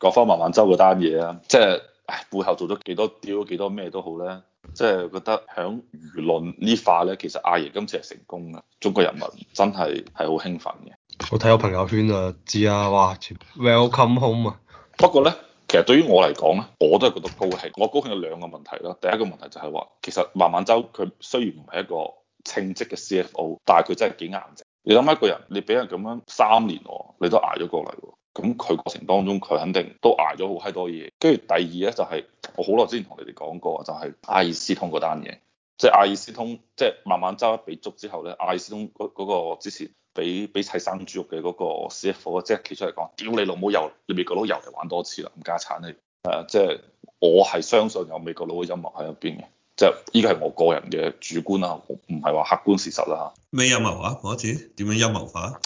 各方慢慢周嗰單嘢啊，即係唉背後做咗幾多屌，咗幾多咩都好咧，即係覺得響輿論呢塊咧，其實阿爺今次係成功嘅，中國人民真係係好興奮嘅。我睇我朋友圈啊，知啊，哇，Welcome home 啊！不過咧，其實對於我嚟講咧，我都係覺得高興。我高興有兩個問題咯，第一個問題就係話，其實慢慢周佢雖然唔係一個稱職嘅 CFO，但係佢真係幾硬頸。你諗一個人，你俾人咁樣三年喎，你都捱咗過嚟喎。咁佢過程當中，佢肯定都捱咗好閪多嘢。跟住第二咧、就是，就係我好耐之前同你哋講過，就係、是、阿爾斯通嗰單嘢，即、就、係、是、阿爾斯通，即、就、係、是、慢慢揸一比足之後咧，阿爾斯通嗰、那個那個之前俾俾砌生豬肉嘅嗰個 c f 即係企出嚟講，屌你老母又你美國佬又嚟玩多次啦，唔加產你。誒、就是，即係我係相信有美國佬嘅陰謀喺入邊嘅，即係依個係我個人嘅主觀啊，唔係話客觀事實啦嚇。咩陰謀啊？講一次，點樣陰謀化啊？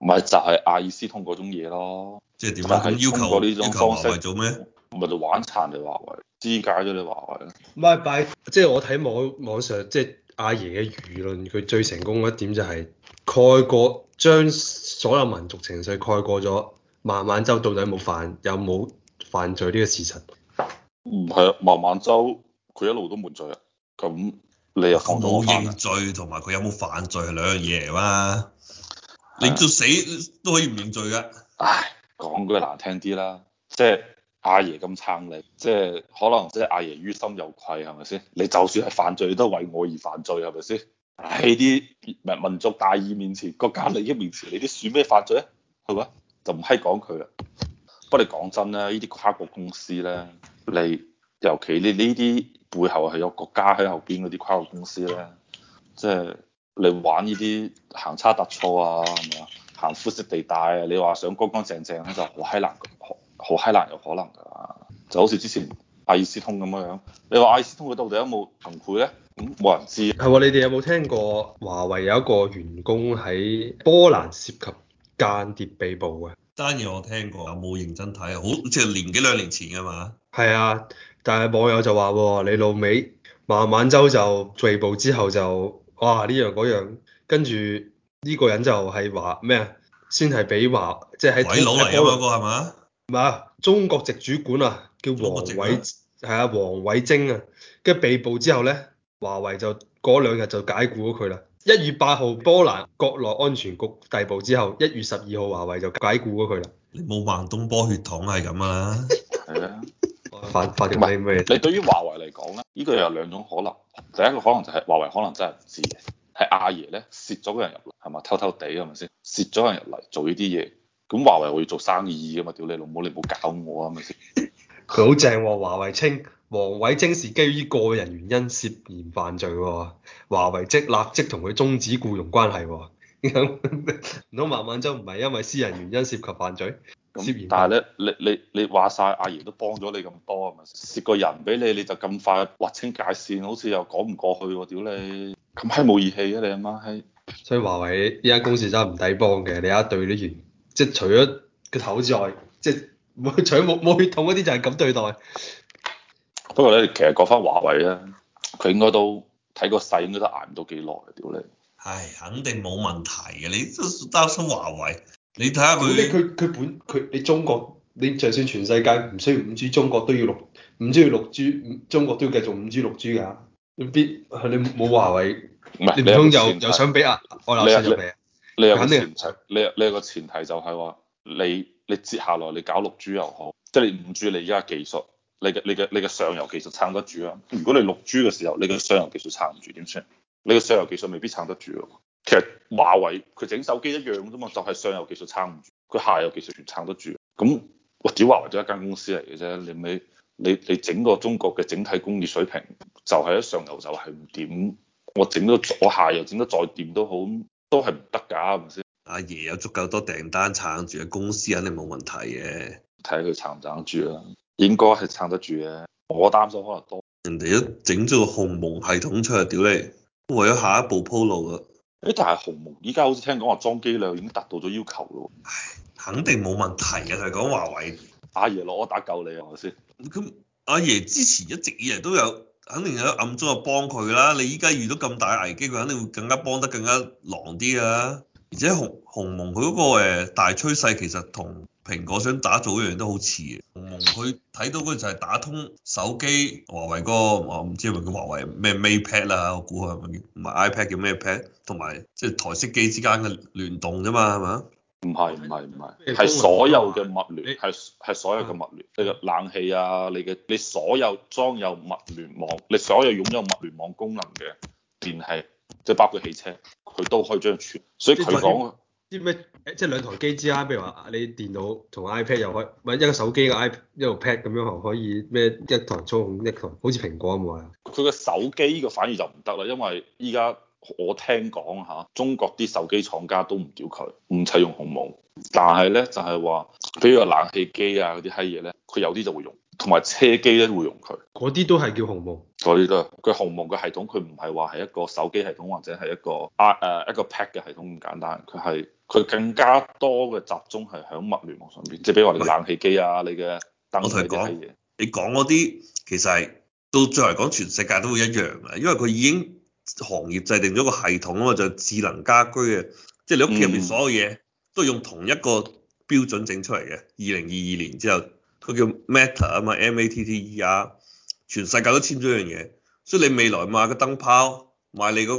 唔係，就係阿爾斯通嗰種嘢咯，即，即係點講？通過呢種方式為做咩？咪就玩殘你華為，肢解咗你華為。唔係，但即係我睇網網上即係阿爺嘅輿論，佢最成功嘅一點就係、是、蓋過將所有民族情緒蓋過咗。孟晚舟到底有冇犯，有冇犯罪呢個事實？唔係啊，孟晚舟佢一路都冇罪啊。咁你又冇認罪，同埋佢有冇犯罪係兩樣嘢嚟你做死都可以唔認罪嘅。唉，講句難聽啲啦，即係阿爺咁撐你，即係可能即係阿爺於心有愧，係咪先？你就算係犯罪，都係為我而犯罪，係咪先？喺啲民族大義面前、國家利益面前，你啲算咩犯罪啊？係嘛？就唔係講佢啦。不過你講真啦，呢啲跨國公司咧，你尤其你呢啲背後係有國家喺後邊嗰啲跨國公司咧，即係、嗯。就係你玩呢啲行差踏錯啊，係咪啊？行灰色地帶啊，你話想乾乾淨淨咧、啊，就好嗨難，好好閪難，有可能㗎。就好似之前阿爾斯通咁樣，你話阿爾斯通佢到底有冇行賄咧？咁、嗯、冇人知、啊。係喎、啊，你哋有冇聽過華為有一個員工喺波蘭涉及間諜被捕嘅？單嘢我聽過，有冇認真睇？好即係年幾兩年前㗎嘛。係啊，但係網友就話你老味，孟晚舟就被捕之後就。哇！呢樣嗰樣，跟住呢個人就係話咩先係俾華，即係喺台灣嗰個係咪啊？蘭吧中國籍主管啊，叫王、啊、偉，係啊，王偉晶啊，跟住被捕之後咧，華為就嗰兩日就解雇咗佢啦。一月八號，波蘭國內安全局逮捕之後，一月十二號，華為就解雇咗佢啦。你冇孟東波血統係咁啊？係啊， 發發條咩咩？麼你對於華為嚟講咧，依、這個又有兩種可能。第一個可能就係華為可能真係唔知嘅，係阿爺咧，蝕咗個人入嚟，係嘛？偷偷地係咪先？蝕咗人入嚟做呢啲嘢，咁華為我要做生意㗎嘛。屌你老母，你唔好搞我啊，係咪先？佢好正喎，華為稱王偉晶是基於個人原因涉嫌犯罪喎，華為即立即同佢終止僱傭關係喎。唔通 孟晚舟唔係因為私人原因涉及犯罪？嗯、嫌但係咧，你你你話晒阿爺都幫咗你咁多，係咪？蝕個人俾你，你就咁快劃清界線，好似又講唔過去喎！屌你，咁閪冇義氣嘅你阿媽閪！所以華為依家公司真係唔抵幫嘅，你阿對啲員，即係除咗個頭之外，即係除咗冇冇血統嗰啲，就係咁對待。不過咧，其實講翻華為咧，佢應該都睇個勢應該都捱唔到幾耐。屌你！唉，肯定冇問題嘅。你都擔心華為，你睇下佢。佢佢佢本佢你中國，你就算全世界唔需要五 G，中國都要六，唔需要六 G，中國都要繼續五 G 六 G 嘅。你必你冇華為，唔係你唔通又又想俾阿外流入嚟？你有個前提、就是，你你有個前提就係話，你你接下來你搞六 G 又好，即、就、係、是、你五 G 你而家技術，你嘅你嘅你嘅上游技術撐得住啊。如果你六 G 嘅時候，你嘅上游技術撐唔住，點算？你個上游技術未必撐得住咯。其實華為佢整手機一樣啫嘛，就係、是、上游技術撐唔住，佢下游技術全撐得住。咁我屌華為都一間公司嚟嘅啫，你咪你你整個中國嘅整體工業水平就係、是、一上游就係唔掂。我整到咗下游整得再掂都好，都係唔得㗎。係咪先、啊，阿爺有足夠多訂單撐住，公司肯定冇問題嘅。睇下佢撐唔撐得住啊？應該係撐得住嘅，我擔心可能多。人哋都整咗個鴻蒙系統出嚟，屌你！為咗下一步鋪路嘅。誒，但係鴻蒙依家好似聽講話裝機量已經達到咗要求咯，唉，肯定冇問題嘅。就係講華為，阿爺攞打救你係咪先？咁阿爺之前一直以嚟都有，肯定有暗中有幫佢啦。你依家遇到咁大危機，佢肯定會更加幫得更加狼啲啊。而且鴻鴻蒙佢嗰個誒大趨勢其實同。蘋果想打造一樣都好似，佢睇到嗰陣就係打通手機、華為嗰個，我唔知係咪叫華為咩 Mate Pad 啦，我估係咪叫唔係 iPad 叫咩 Pad，同埋即係台式機之間嘅聯動啫嘛，係咪唔係唔係唔係，係所有嘅物聯係係所有嘅物聯，物聯嗯、你嘅冷氣啊，你嘅你所有裝有物聯網，你所有擁有物聯網功能嘅電器，即係包括汽車，佢都可以將佢傳，所以佢講。知咩？即係兩台機之間，譬如話你電腦同 iPad 又可以，唔係一個手機嘅 iPad 一路 pad 咁樣，可可以咩？一台操控一台，好似蘋果咁啊！佢個手機個反而就唔得啦，因為依家我聽講嚇，中國啲手機廠家都唔屌佢，唔使用鴻蒙。但係咧就係、是、話，比如話冷氣機啊嗰啲閪嘢咧，佢有啲就會用。同埋車機咧會用佢，嗰啲都係叫鴻蒙，嗰啲都係佢鴻蒙嘅系統，佢唔係話係一個手機系統或者係一個啊誒、uh, 一個 pad 嘅系統咁簡單，佢係佢更加多嘅集中係喺物聯網上邊，即係比如話你冷氣機啊、的你嘅燈嗰啲嘢，你講嗰啲其實係到最後講全世界都會一樣嘅，因為佢已經行業制定咗個系統啊嘛，就是、智能家居嘅，即、就、係、是、你屋企入面所有嘢、嗯、都用同一個標準整出嚟嘅。二零二二年之後。佢叫 matter 啊嘛，M, ata, M A T T E 啊，全世界都簽咗一樣嘢，所以你未來買個燈泡，買你嗰、嗰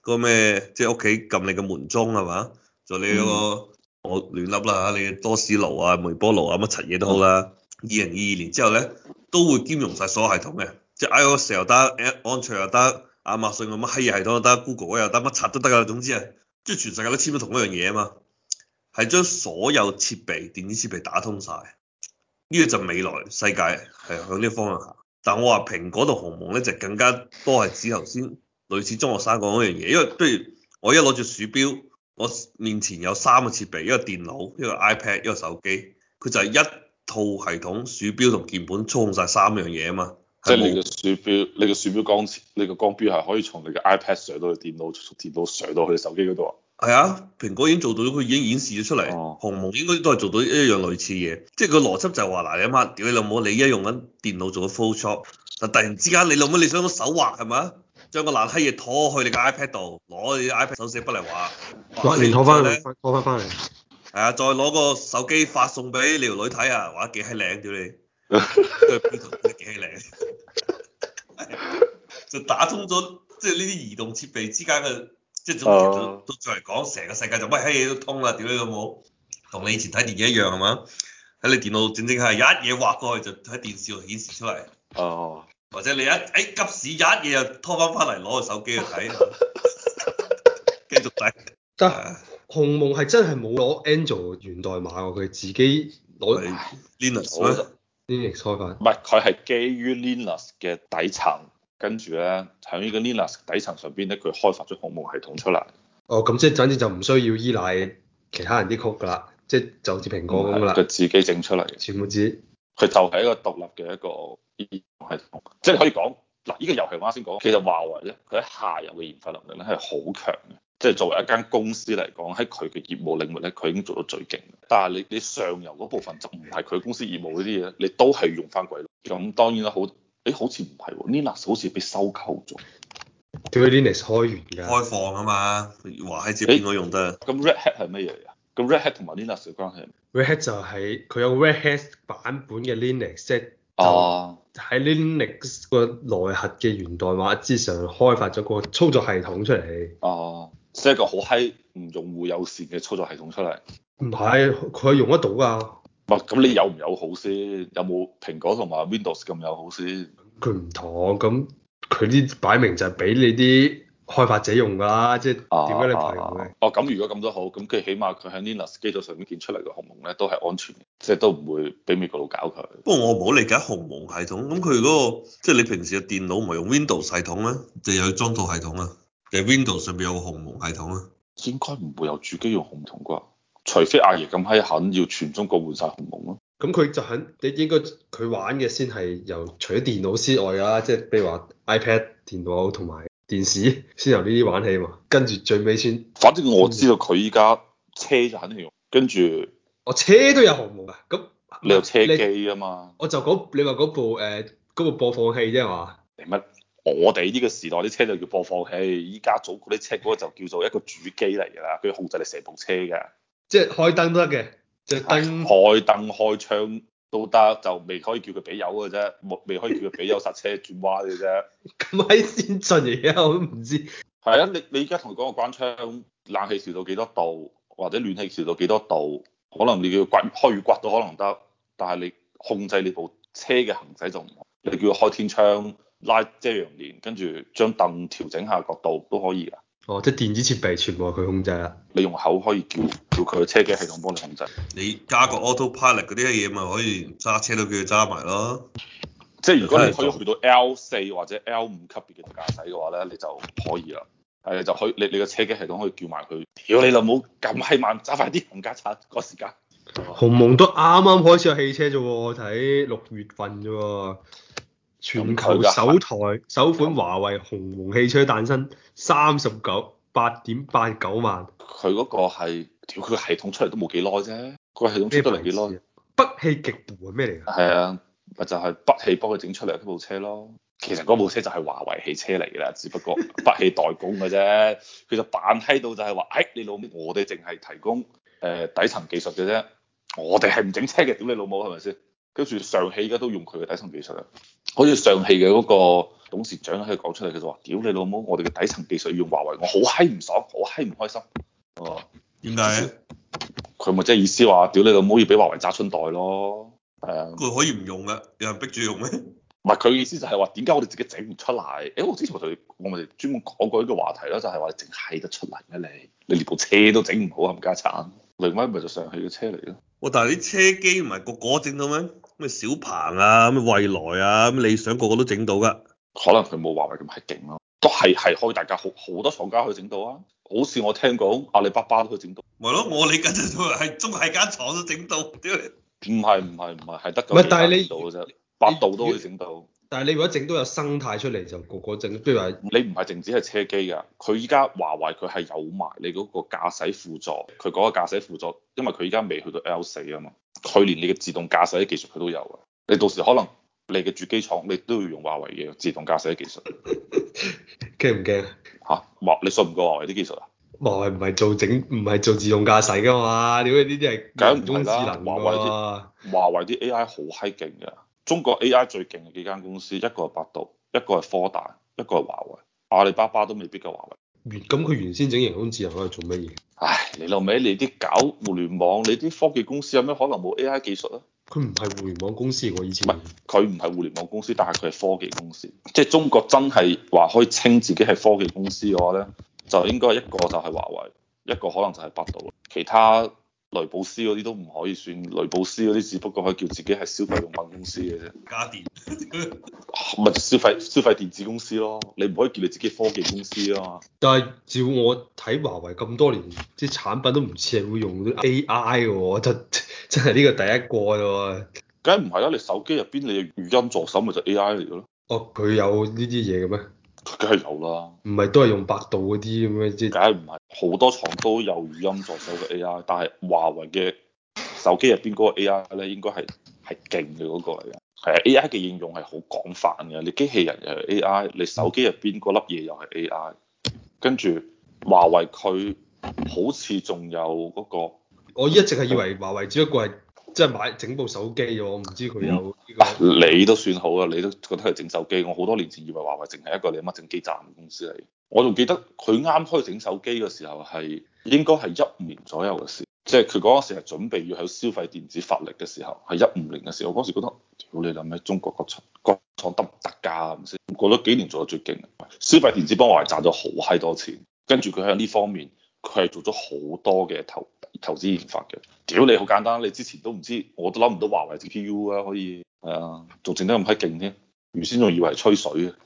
個誒咩、嗰個，即係屋企撳你嘅門鍾係嘛，就你嗰、嗰個、嗯、我亂噏啦嚇，你多士爐啊、微波爐啊乜柒嘢都好啦。二零二二年之後咧，都會兼容晒所有系統嘅，即係 iOS 又得，安卓又得，亞馬遜個乜閪嘢系統又得，Google 又得，乜拆都得噶啦。總之啊，即係全世界都簽咗同一樣嘢啊嘛，係將所有設備、電子設備打通晒。呢個就未來世界係向呢個方向行，但我話蘋果同鴻蒙咧就更加多係指頭先類似中學生講嗰樣嘢，因為譬如我一攞住鼠標，我面前有三個設備，一個電腦，一個 iPad，一個手機，佢就係一套系統，鼠標同鍵盤操控晒三樣嘢啊嘛，即係你嘅鼠標，你嘅鼠標光，你嘅光標係可以從你嘅 iPad 上到去電腦，從電腦上到去手機嗰度啊。係啊，蘋果已經做到，佢已經演示咗出嚟。哦，鴻蒙應該都係做到一樣類似嘢，即係個邏輯就係話嗱，你阿媽屌你老母，你而家用緊電腦做個 Photoshop，就突然之間你老母你想手畫係咪啊？將個爛閪嘢拖去你個 iPad 度，攞你 iPad 手寫筆嚟畫，連拖翻，拖翻翻嚟，係啊，再攞個手機發送俾你條女睇啊，哇，幾閪靚屌你，都係 P 圖，幾閪靚，就打通咗即係呢啲移動設備之間嘅。即係總之都再嚟講，成個世界就乜嘢都通啦，屌你老母，同你以前睇電影一樣係嘛？喺你電腦整整係一嘢畫過去就喺電視度顯示出嚟。哦、嗯，嗯、或者你一誒、欸、急事一嘢又拖翻翻嚟攞個手機去睇，嗯、繼續睇。得？係鴻蒙係真係冇攞 Android 原代碼喎，佢自己攞嚟 Linux 攞。Linux 唔係，佢係基於 Linux 嘅底層。跟住咧，喺呢個 Linux 底層上邊咧，佢開發咗鴻蒙系統出嚟。哦，咁、嗯、即係總之就唔需要依賴其他人啲 code 噶啦，即係就似蘋果咁啦。佢自己整出嚟，全部自佢就係一個獨立嘅一個系統，即係可以講嗱，呢、這個遊戲我啱先講，其實華為咧，佢喺下游嘅研發能力咧係好強嘅，即係作為一間公司嚟講，喺佢嘅業務領域咧，佢已經做到最勁。但係你你上游嗰部分就唔係佢公司業務嗰啲嘢，你都係用翻鬼佬。咁當然啦，好。哎、好似唔係喎，Linux 好似被收購咗。因為 Linux 開源嘅，開放啊嘛，華嗨知邊個用得？咁、哎、Red Hat 係乜嘢啊？咁 Red Hat 同埋 Linux 嘅關係？Red Hat 就係、是、佢有 Red Hat 版本嘅 Linux，即係喺 Linux 個內核嘅源代碼之上開發咗個操作系統出嚟。哦、啊，即、啊、係一個好嗨唔用戶友善嘅操作系統出嚟。唔係，佢用得到㗎。咁，你有唔有好先？有冇蘋果同埋 Windows 咁有好先？佢唔妥咁，佢啲擺明就係俾你啲開發者用噶啦，即係點解你排佢、啊啊啊啊？哦，咁、嗯、如果咁都好，咁佢起碼佢喺 Linux 基礎上面建出嚟嘅鴻蒙咧，都係安全嘅，即係都唔會俾美國佬搞佢。不過我唔好理解鴻蒙系統，咁佢嗰個即係你平時嘅電腦唔係用 Windows 系統咩？就有裝套系統啊，就 Windows 上邊有個鴻蒙系統啊。應該唔會有主機用鴻蒙啩？除非阿爺咁閪肯要全中國換晒鴻蒙咯。咁佢就肯，你應該佢玩嘅先係由除咗電腦之外啦、啊，即、就、係、是、譬如話 iPad、電腦同埋電視先由呢啲玩起嘛。跟住最尾先，反正我知道佢依家車就肯定用。跟住我車都有鴻蒙啊。咁你有車機啊嘛？我就講你話嗰部誒嗰、呃、部播放器啫嘛。你乜？我哋呢個時代啲車就叫播放器，依家早嗰啲車嗰個就叫做一個主機嚟啦，佢控制你成部車㗎。即係開燈都得嘅，就燈、是、開燈開窗都得，就未可以叫佢俾油嘅啫，未未可以叫佢俾油剎車轉彎嘅啫。咁係先進而家，我都唔知。係啊，你你依家同佢講個關窗，冷氣調到幾多度，或者暖氣調到幾多度，可能你叫佢刮開雨刮都可能得，但係你控制你部車嘅行駛就唔得。你叫佢開天窗拉遮陽簾，跟住將凳調整下角度都可以噶。哦，即係電子設備全部係佢控制啦，你用口可以叫叫佢車機系統幫你控制。你加個 auto pilot 嗰啲嘢咪可以揸車，車都叫佢揸埋咯。即係如果你可以去到 L 四或者 L 五級別嘅駕駛嘅話咧，你就可以啦。係就可以你你個車機系統可以叫埋佢。屌你老母咁閪慢，揸快啲，冚家鏟個時間。鴻蒙都啱啱開始有汽車啫喎，我睇六月份啫喎。全球首台、嗯、首款華為鴻蒙、嗯、汽車誕生，三十九八點八九萬。佢嗰個係屌佢個系統出嚟都冇幾耐啫，個系統出得嚟幾耐？北汽極薄咩嚟㗎？係啊，咪、啊、就係、是、北汽幫佢整出嚟嗰部車咯。其實嗰部車就係華為汽車嚟㗎啦，只不過北汽代工嘅啫。佢 就扮喺度就係話：哎、欸，你老母，我哋淨係提供誒、呃、底層技術嘅啫，我哋係唔整車嘅，屌你老母係咪先？跟住上汽依家都用佢嘅底層技術啊。好似上汽嘅嗰個董事長喺度講出嚟，佢就話：屌你老母！我哋嘅底層技術要用華為，我好閪唔爽，好閪唔開心。哦，點解？佢咪即係意思話：屌你老母，要俾華為揸春袋咯。係啊，佢可以唔用嘅，有人逼住用咩？唔係佢意思就係話：點解我哋自己整唔出嚟？誒、欸，我之前我同你我咪專門講過一個話題啦，就係、是、話：你整係得出嚟咩？你你連部車都整唔好，冚家鏟！另外咪就上汽嘅車嚟咯，哇、哦！但係啲車機唔係個個整到咩？咩小鵬啊，咩蔚來啊，咩理想個個都整到噶。可能佢冇華為咁係勁咯，都係係可以大家好好多廠家去整到啊。好似我聽講阿里巴巴都去整到。咪咯，我理解到係中係間廠都整到。唔係唔係唔係，係得個阿里巴巴到嘅啫。百度都可以整到。但係你如果整到有生態出嚟，就個個整。譬如話，你唔係淨止係車機㗎，佢依家華為佢係有埋你嗰個駕駛輔助，佢嗰個駕駛輔助，因為佢依家未去到 L 四啊嘛，佢連你嘅自動駕駛啲技術佢都有啊。你到時可能你嘅主機廠你都要用華為嘅自動駕駛啲技術。驚唔驚？嚇華、啊、你信唔過華為啲技術啊？華為唔係做整唔係做自動駕駛㗎嘛？點解呢啲係人工智能啊？華為啲華為啲 AI 好閪勁㗎。中國 AI 最勁嘅幾間公司，一個係百度，一個係科大，一個係華為。阿里巴巴都未必夠華為。咁佢原先整形公司係可以做乜嘢？唉，你老味，你啲搞互聯網，你啲科技公司有咩可能冇 AI 技術啊？佢唔係互聯網公司，我以前唔係，佢唔係互聯網公司，但係佢係科技公司。即係中國真係話可以稱自己係科技公司嘅話咧，就應該一個就係華為，一個可能就係百度，其他。雷布斯嗰啲都唔可以算，雷布斯嗰啲只不過可以叫自己係消費用品公司嘅啫，家電唔、 啊、消費消費電子公司咯，你唔可以叫你自己科技公司啊。但係照我睇，華為咁多年，即係產品都唔似係會用 A I 嘅，我覺得真係呢個第一個咯。梗係唔係啦，你手機入邊你語音助手咪就 A I 嚟嘅咯。哦，佢有呢啲嘢嘅咩？梗係有啦，唔係都係用百度嗰啲咁樣啫，梗係唔係好多廠都有語音助手嘅 AI，但係華為嘅手機入邊嗰個 AI 咧，應該係係勁嘅嗰個嚟嘅。係啊，AI 嘅應用係好廣泛嘅，你機器人又係 AI，你手機入邊嗰粒嘢又係 AI，跟住華為佢好似仲有嗰個。我一直係以為華為只不過係。即係買整部手機啫，我唔知佢有、呢個嗯、你都算好啦，你都覺得係整手機。我好多年前以為華為淨係一個你乜整基站公司嚟。我仲記得佢啱開整手機嘅時候係應該係一五年左右嘅事，即係佢嗰陣時係準備要喺消費電子發力嘅時候，係一五年嘅事。我嗰時覺得，屌你諗喺中國國廠得唔得㗎？唔、啊、知過咗幾年做到最勁，消費電子幫我華為賺咗好閪多錢。跟住佢喺呢方面，佢係做咗好多嘅投資。投資研發嘅，屌你好簡單，你之前都唔知，我都諗唔到華為 CPU 啊可以，係啊，仲整得咁閪勁添，原先仲以為係吹水嘅。